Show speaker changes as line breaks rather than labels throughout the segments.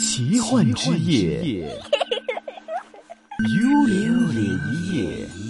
奇幻之夜， 幽靈靈夜。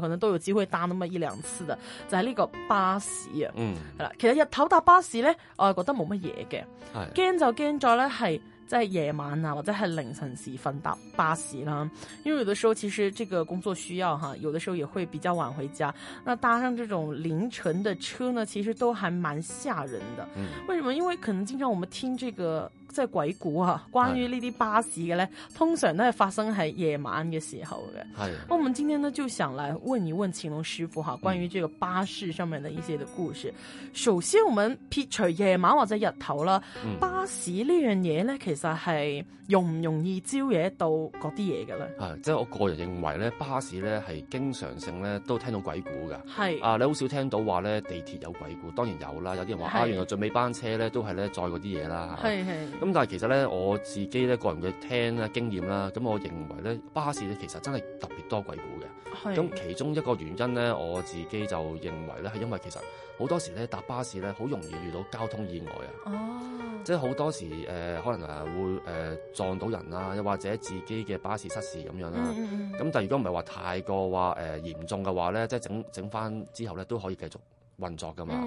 可能都有機會搭。那麼一兩次的，就係、是、呢個巴士啊，係啦、嗯，其實日頭搭巴士咧，我係覺得冇乜嘢嘅，驚、嗯、就驚在咧係即係夜晚啊，或者係凌晨時分搭巴士啦，因為有的時候其實這個工作需要哈、啊，有的時候也會比較晚回家，那搭上這種凌晨的車呢，其實都還蠻嚇人的，嗯、為什麼？因為可能經常我們聽這個。即係鬼故啊！關於呢啲巴士嘅咧，通常都係發生喺夜晚嘅時候嘅。係。我們今天咧就想嚟問一問乾隆師傅哈，關於這個巴士上面的一些的故事。首先，我們撇除夜晚或者日頭啦，巴士呢樣嘢咧，其實係容唔容易招惹到嗰啲嘢嘅咧？
係，即係我個人認為咧，巴士咧係經常性咧都聽到鬼故噶。係。啊，你好少聽到話咧地鐵有鬼故，當然有啦。有啲人話啊，原來最尾班車咧都係咧載嗰啲嘢啦。係係。咁但係其實咧，我自己咧個人嘅聽咧經驗啦，咁我認為咧，巴士咧其實真係特別多鬼故嘅。係是。咁其中一個原因咧，我自己就認為咧，係因為其實好多時咧搭巴士咧，好容易遇到交通意外啊。哦。即係好多時誒、呃，可能誒會誒撞、呃、到人啊，又或者自己嘅巴士失事咁樣啦。咁、嗯嗯、但係如果唔係話太過、呃、嚴話誒嚴重嘅話咧，即係整整返之後咧都可以繼續。運作㗎嘛，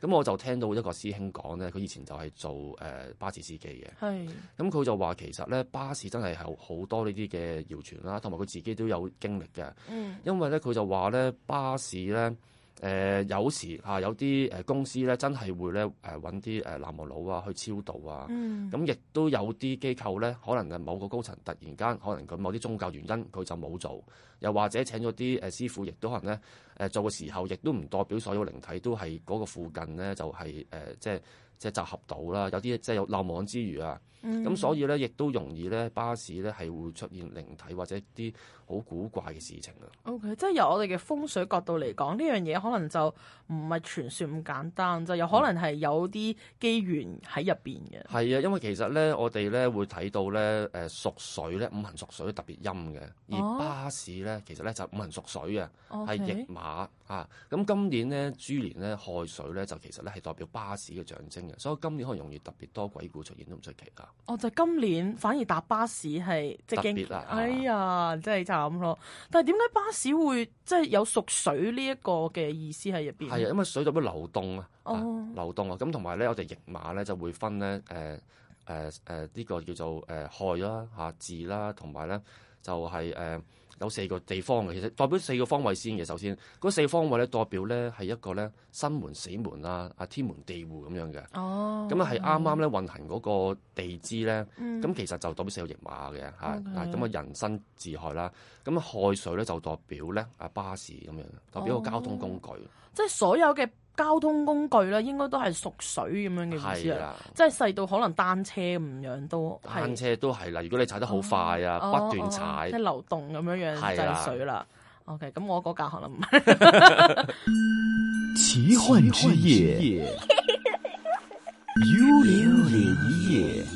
咁、嗯、我就聽到一個師兄講咧，佢以前就係做誒、呃、巴士司機嘅，咁佢是就話其實咧巴士真係有好多呢啲嘅謠傳啦，同埋佢自己都有經歷嘅，嗯、因為咧佢就話咧巴士咧。誒、呃、有時嚇、啊、有啲誒公司咧真係會咧誒揾啲誒南無佬啊去超度啊，咁亦、嗯、都有啲機構咧，可能誒某個高層突然間可能佢某啲宗教原因佢就冇做，又或者請咗啲誒師傅，亦都可能咧誒、啊、做嘅時候，亦都唔代表所有靈體都係嗰個附近咧，就係誒即係。啊就係啊就係即係集合到啦，有啲即係有漏網之魚啊！咁、嗯、所以咧，亦都容易咧，巴士咧係會出現靈體或者啲好古怪嘅事情啊。
OK，即係由我哋嘅風水角度嚟講呢樣嘢可能就唔係傳說咁簡單，就有可能係有啲機緣喺入邊嘅。係
啊、嗯，因為其實咧，我哋咧會睇到咧，誒屬水咧，五行屬水特別陰嘅，而巴士咧、啊、其實咧就是、五行屬水 Okay. 翼啊，係驛馬啊。咁今年咧豬年咧亥水咧就其實咧係代表巴士嘅象徵。所以今年可能容易特別多鬼故出現都唔出奇㗎。哦，就
係、是、今年反而搭巴士係特別啊！哎呀，真係慘咯。但係點解巴士會即係有屬水呢一個嘅意思喺入邊？係啊，因為
水做咩流動、哦、啊？哦，流動啊。咁同埋咧，我哋驛馬咧就會分咧，誒誒誒呢個叫做誒亥啦、哈巳啦，同埋咧就係、是、誒。呃有四個地方嘅，其實代表四個方位先嘅。首先，嗰四方位咧代表咧係一個咧生門死門啊，啊天門地戶咁樣嘅。哦，咁啊係啱啱咧運行嗰個地支咧，咁、嗯、其實就代表四個驛馬嘅嚇。咁啊 okay. 寅申巳亥啦，咁啊亥水咧就代表咧啊巴士咁樣，代表一個交通工具。
哦、即係所有嘅。交通工具咧，應該都係屬水咁樣嘅意思啦，的即係細到可能單車咁樣都，單
車都係啦。如果你踩得好快啊，哦、不斷踩、哦哦，即係流
動咁樣樣就係水啦。OK，咁我嗰架可
能
唔係。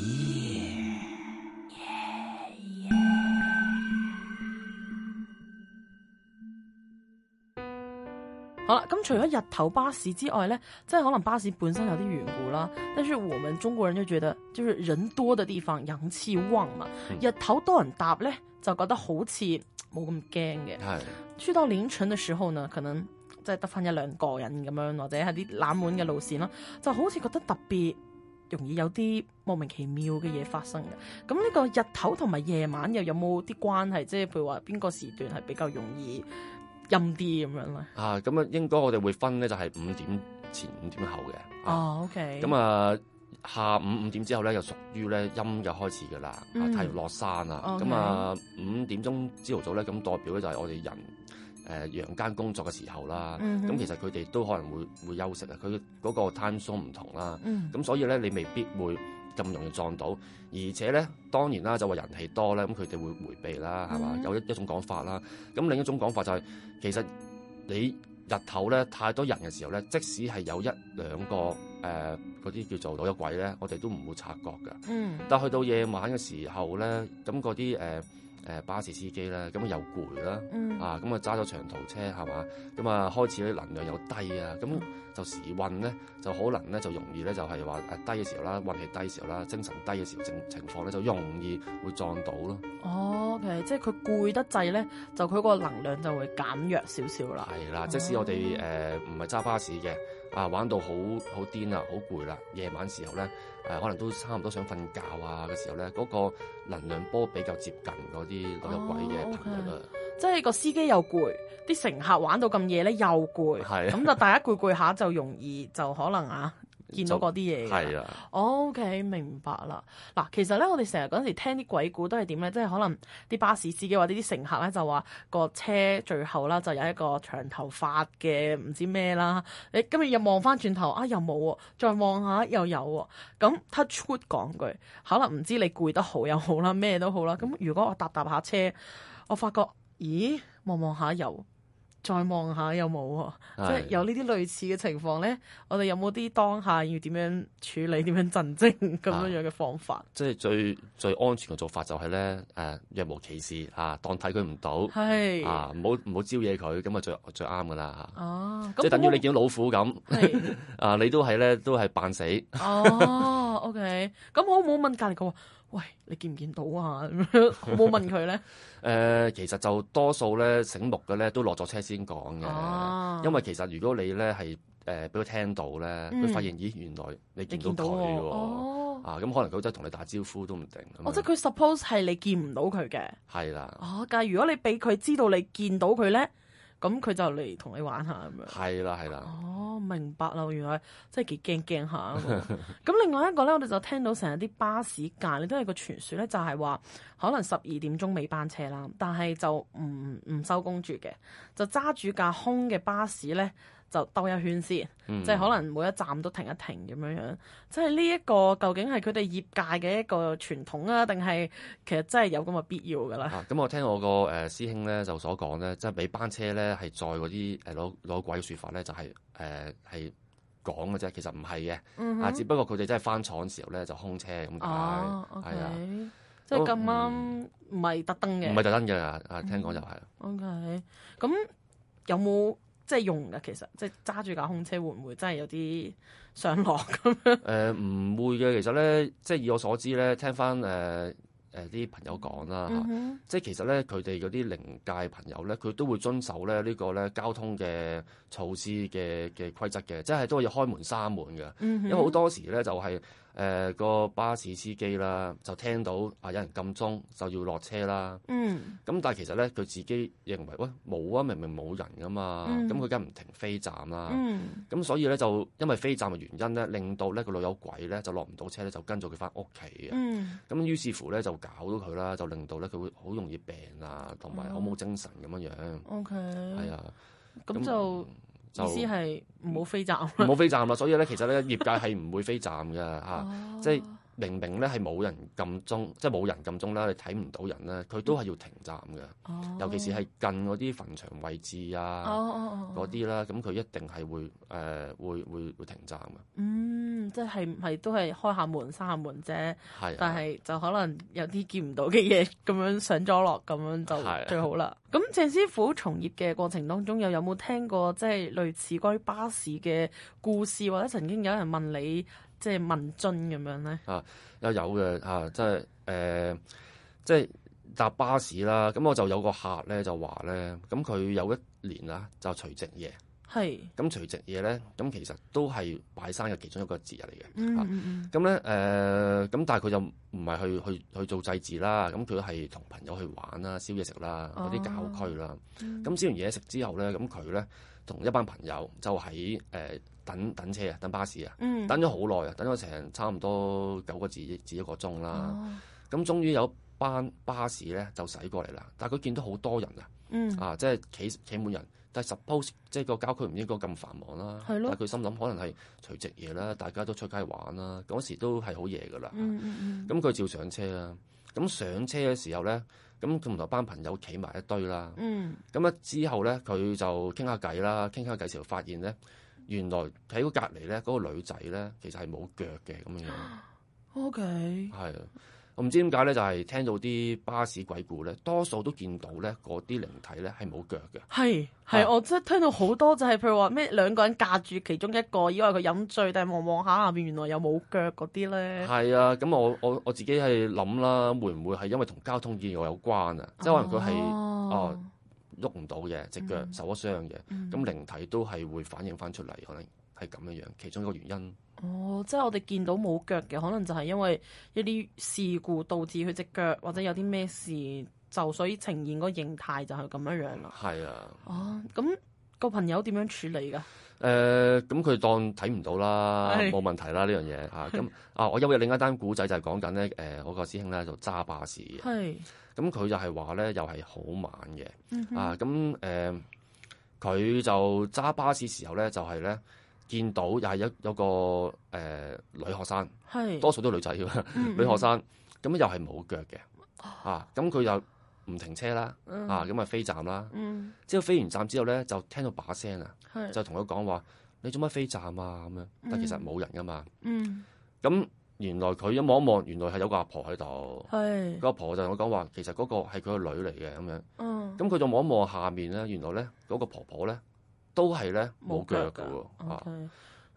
好啦，咁除咗日頭巴士之外咧，即係可能巴士本身有啲緣故啦。但是我們中國人就覺得，就是人多的地方陽氣旺啊，嗯、日頭多人搭咧就覺得好似冇咁驚嘅。係、嗯，出到凌晨嘅時候呢，可能即係得翻一兩個人咁樣，或者係啲冷門嘅路綫啦，就好似覺得特別容易有啲莫名其妙嘅嘢發生嘅。咁呢個日頭同埋夜晚又有冇啲關係？即係譬如話邊個時段係比較容易？陰啲咁樣啦，
啊，咁啊應該我哋會分咧，就係、是、五點前、五點後嘅。
哦、oh，OK。咁啊，
下午五點之後咧，就屬於咧陰嘅開始噶啦。太陽落山啦，咁啊五點鐘朝頭早咧，咁代表咧就係我哋人誒陽間工作嘅時候啦。咁、mm hmm. 其實佢哋都可能會會休息啊，佢嗰個 time zone 唔同啦。咁、mm hmm. 所以咧，你未必會。咁容易撞到，而且咧，當然啦，就話人氣多咧，咁佢哋會迴避啦，係嘛？ 有一一種講法啦，咁另一種講法就係、是、其實你日頭咧太多人嘅時候咧，即使係有一兩個誒嗰啲叫做老友鬼咧，我哋都唔會察覺㗎。嗯。 但係去到夜晚嘅時候咧，咁嗰啲誒。呃誒巴士司機啦，咁、嗯、啊又攰啦，啊咁啊揸咗長途車係嘛，咁啊開始啲能量又低啊，咁就時運咧就可能咧就容易咧就係話誒低嘅時候啦，運氣低嘅時候啦，精神低嘅時候，情況咧就容易會撞到咯。
哦，okay，其實即係佢攰得滯咧，就佢個能量就會減弱少少啦。係
啦了，嗯、即使我哋誒唔係揸巴士嘅。啊！玩到好好癲啊，好攰啦。夜晚時候咧，誒可能都差唔多想瞓覺啊嘅時候咧，嗰個能量波比較接近嗰啲老友鬼嘅朋友啦。Oh, okay.
即係個司機又攰，啲乘客玩到咁夜咧又攰，咁是就大家攰攰下就容易就可能啊～ 見到嗰啲嘢嘅，OK 明白啦。嗱，其實咧，我哋成日嗰陣時聽啲鬼故都係點咧？即係可能啲巴士司機或者啲乘客咧就話個車最後啦，就有一個長頭髮嘅唔知咩啦。你今日又望翻轉頭啊，又冇，再望下又有喎。咁 Touch wood 講句，可能唔知你攰得好又好啦，咩都好啦。咁如果我搭搭下車，我發覺咦，望望下又，再望下有冇喎，的即係有呢啲類似嘅情況咧，我哋有冇啲當下要點樣處理、點樣鎮靜咁樣樣嘅方法？
啊、即係最最安全嘅做法就係、是、咧，誒、啊、若無其事啊，當睇佢唔到，的啊唔好唔好招惹佢，咁啊最最啱噶啦。哦，即係等於你見到老虎咁，啊你都係咧都係扮死。
啊 OK，咁我冇問隔籬佢話，喂，你見唔見到啊？我 冇問佢咧。
誒、 呃，其實就多數咧醒目嘅咧都落咗車先講嘅，啊、因為其實如果你咧係誒俾佢聽到咧，佢、嗯、發現咦原來你，到你見到佢喎、哦、啊，咁可能佢真係同你打招呼都唔定。我、哦嗎哦、即係
佢 suppose 係你見唔到佢嘅。
係啦的。哦，但
係如果你俾佢知道你見到佢咧。咁佢就嚟同你玩下咁樣，係
啦係啦。
哦，明白啦，原來真係幾驚驚下。咁 另外一個咧，我哋就聽到成日啲巴士界，你都係個傳説咧，就係話可能十二點鐘尾班車啦，但係就唔唔收工住嘅，就揸住架空嘅巴士咧。就兜一圈先，嗯、即係可能每一站都停一停咁樣樣，即係呢一個究竟係佢哋業界嘅一個傳統啊，定係其實真係有咁嘅必要㗎啦？
咁、啊、我聽我個誒、呃、師兄咧就所講咧，即係俾班車咧係載嗰啲誒攞攞鬼嘅説法咧，就係誒係講嘅啫，其實唔係嘅，啊、嗯、哼只不過佢哋真係翻廠時候咧就空車咁解，係啊，
即係咁啱唔係特登嘅，唔係特登嘅
啊聽講就係、
是嗯、OK，咁有冇？即係用㗎，其實即係揸住架空車，會唔會真係有啲上落
咁樣？誒 唔、呃、會嘅，其實咧，即係以我所知咧，聽翻誒。呃誒啲、呃、朋友講啦、mm hmm. 即係其實咧佢哋嗰啲靈界朋友咧，佢都會遵守咧呢個咧交通嘅措施嘅嘅規則嘅，即係都要開門閂門嘅。因為好多時咧就係誒個巴士司機啦，就聽到啊有人撳鐘，就要落車啦。嗯、mm，咁、hmm. 但係其實咧佢自己認為喂冇啊，明明冇人噶嘛，咁佢梗係唔停飛站啦。Mm hmm. 嗯，咁所以咧就因為飛站嘅原因咧，令到呢個路有鬼咧就落唔到車咧，就跟咗佢返屋企嘅。咁、mm hmm. 於是乎咧就。搞到佢啦，就令到咧佢會好容易病啊，同埋好冇精神咁樣樣。
O K，係啊，咁就就，嗯、意思係唔好飛站，唔好
飛站啦。所以咧，其實咧業界係唔會飛站噶吓、 啊，即係明明咧係冇人撳鐘，即係冇人撳鐘啦，你睇唔到人啦，佢都係要停站噶。啊、尤其是係近嗰啲墳場位置啊，嗰啲啦，咁、啊、佢一定係會誒、呃、會會會停站噶。
嗯。即係係都係開下門閂下門啫，的但係就可能有啲見唔到嘅嘢，咁樣上咗落，咁樣就最好啦。咁鄭的師傅從業嘅過程當中，又有冇聽過即係類似關於巴士嘅故事，或者曾經有人問你即係問津咁樣咧、
啊？啊，又有嘅啊，即係誒，即係搭巴士啦。咁我就有個客咧就話咧，咁佢有一年啦就除夕夜。係，咁除夕夜咧，咁其實都係拜山嘅其中一個節日嚟嘅。咁咧、嗯，誒、啊，咁但係佢就唔係去去去做祭祀啦，咁佢係同朋友去玩啦，燒嘢食啦，嗰啲郊區啦。咁、哦嗯、燒完嘢食之後咧，咁佢咧同一班朋友就喺誒、呃、等等車啊，等巴士啊。等咗好耐啊，等咗成差唔多九個字字一個鐘啦。咁終於有一班巴士咧就駛過嚟啦，但係佢見到好多人啊。嗯、啊，即係企企滿人。但係 suppose 即係個郊區唔應該咁繁忙啦，的但佢心諗可能係除夕夜啦，大家都出街玩啦，嗰時都係好夜噶啦。咁佢照上車啦。咁上車嘅時候咧，咁唔同班朋友企埋一堆啦。咁一、嗯、之後咧，佢就傾下偈啦，傾下偈時候發現咧，原來喺個隔離咧嗰個女仔咧其實係冇腳嘅咁樣。O
K、嗯。
係。唔知點解咧，就係、是、聽到啲巴士鬼故咧，多數都見到咧，嗰啲靈體咧係冇腳嘅。係
係，啊、我即係聽到好多、就是，就係譬如話咩兩個人架住其中一個，以為佢飲醉，但望望下下邊，原來又冇腳嗰啲咧。係
啊，咁我我我自己係諗啦，會唔會係因為同交通意外有關啊？哦、即係可能佢係哦喐唔到嘅，隻、啊、腳受咗傷嘅，咁、嗯嗯、靈體都係會反映翻出嚟可能。係咁樣樣，其中一個原因。
哦，即係我哋見到冇腳嘅，可能就係因為一啲事故導致佢隻腳，或者有啲咩事，就所以呈現個形態就係咁樣樣啦。係啊。哦，咁、那個朋友點樣處理㗎？誒、
呃，咁佢當睇唔到啦，冇是問題啦呢樣嘢吓。咁啊，我有日另一單古仔就係講緊咧，誒、呃，我個師兄咧就揸巴士。係是。咁佢就係話咧，又係好慢嘅。嗯哼啊。啊，咁誒，佢就揸巴士時候咧，就係、是、咧。就是呢見到又係有有個誒女學生，多數都女仔㗎，女學生咁又係冇腳嘅嚇，咁佢又唔停車啦，啊咁咪飛站啦，之後飛完站之後咧就聽到把聲啊，就同佢講話：你做乜飛站啊？咁樣，但其實冇人㗎嘛。咁原來佢一望一望，原來係有個阿婆喺度，個阿婆就同我講話，其實嗰個係佢個女嚟嘅咁樣。咁佢就望一望下面咧，原來咧嗰個婆婆咧。都係咧，冇腳噶，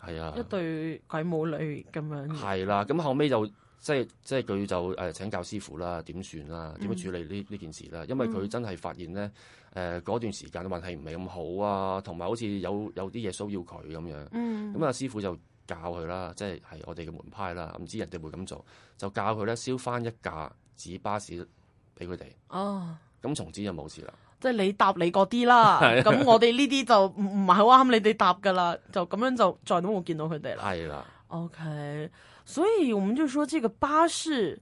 係啊，一對鬼母女咁樣。係
啦，咁後尾就即係即係佢就誒請教師傅啦，點算啦，點樣、嗯、處理呢呢件事啦？因為佢真係發現咧誒嗰段時間嘅運氣唔係咁好啊，同埋好似有有啲嘢騷擾佢咁樣。嗯，咁啊師傅就教佢啦，即係係我哋嘅門派啦，唔知人哋會咁做，就教佢咧燒翻一架紙巴士俾佢哋。哦，咁從此就冇事啦。
即係你搭你嗰啲啦，咁 我哋呢啲就唔唔係好啱你哋搭噶啦，就咁樣就再都冇見到佢哋啦。係啦 ，OK，所以我們就說，這個巴士。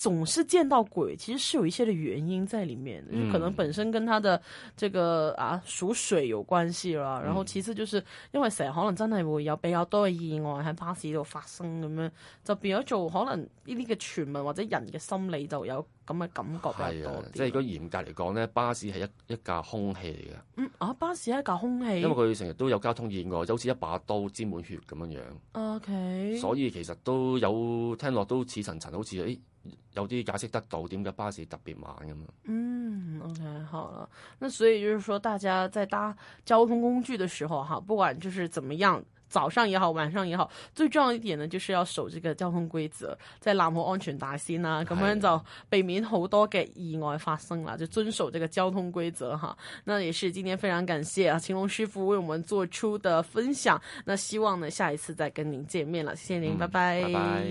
總是見到鬼，其實是有一些嘅原因在裏面，嗯、可能本身跟他的這個啊屬水有關係啦。嗯、然後其次就是因為成日可能真係會有比較多嘅意外喺巴士度發生咁樣，就變咗做可能呢啲嘅傳聞或者人嘅心理就有咁嘅感覺。即係如
果嚴格嚟講咧，巴士係一一架空氣嚟
嘅。巴士係一架空氣，因為佢
成日都有交通意外，就好似一把刀沾滿血咁樣樣。
OK，所以
其實都有聽落都似層層，好似、欸有啲解釋得到點解巴士特別慢咁樣。
嗯，OK，好啦，那所以就是說，大家在搭交通工具的時候，哈，不管就是怎麼樣，早上也好，晚上也好，最重要一點呢，就是要守這個交通規則，在喇摩安全達先啊，咁樣就避免好多嘅意外發生了，的就遵守這個交通規則哈。那也是今天非常感謝啊，青龍師傅為我們做出的分享。那希望呢下一次再跟您見面啦，謝謝您，嗯、拜拜。拜拜。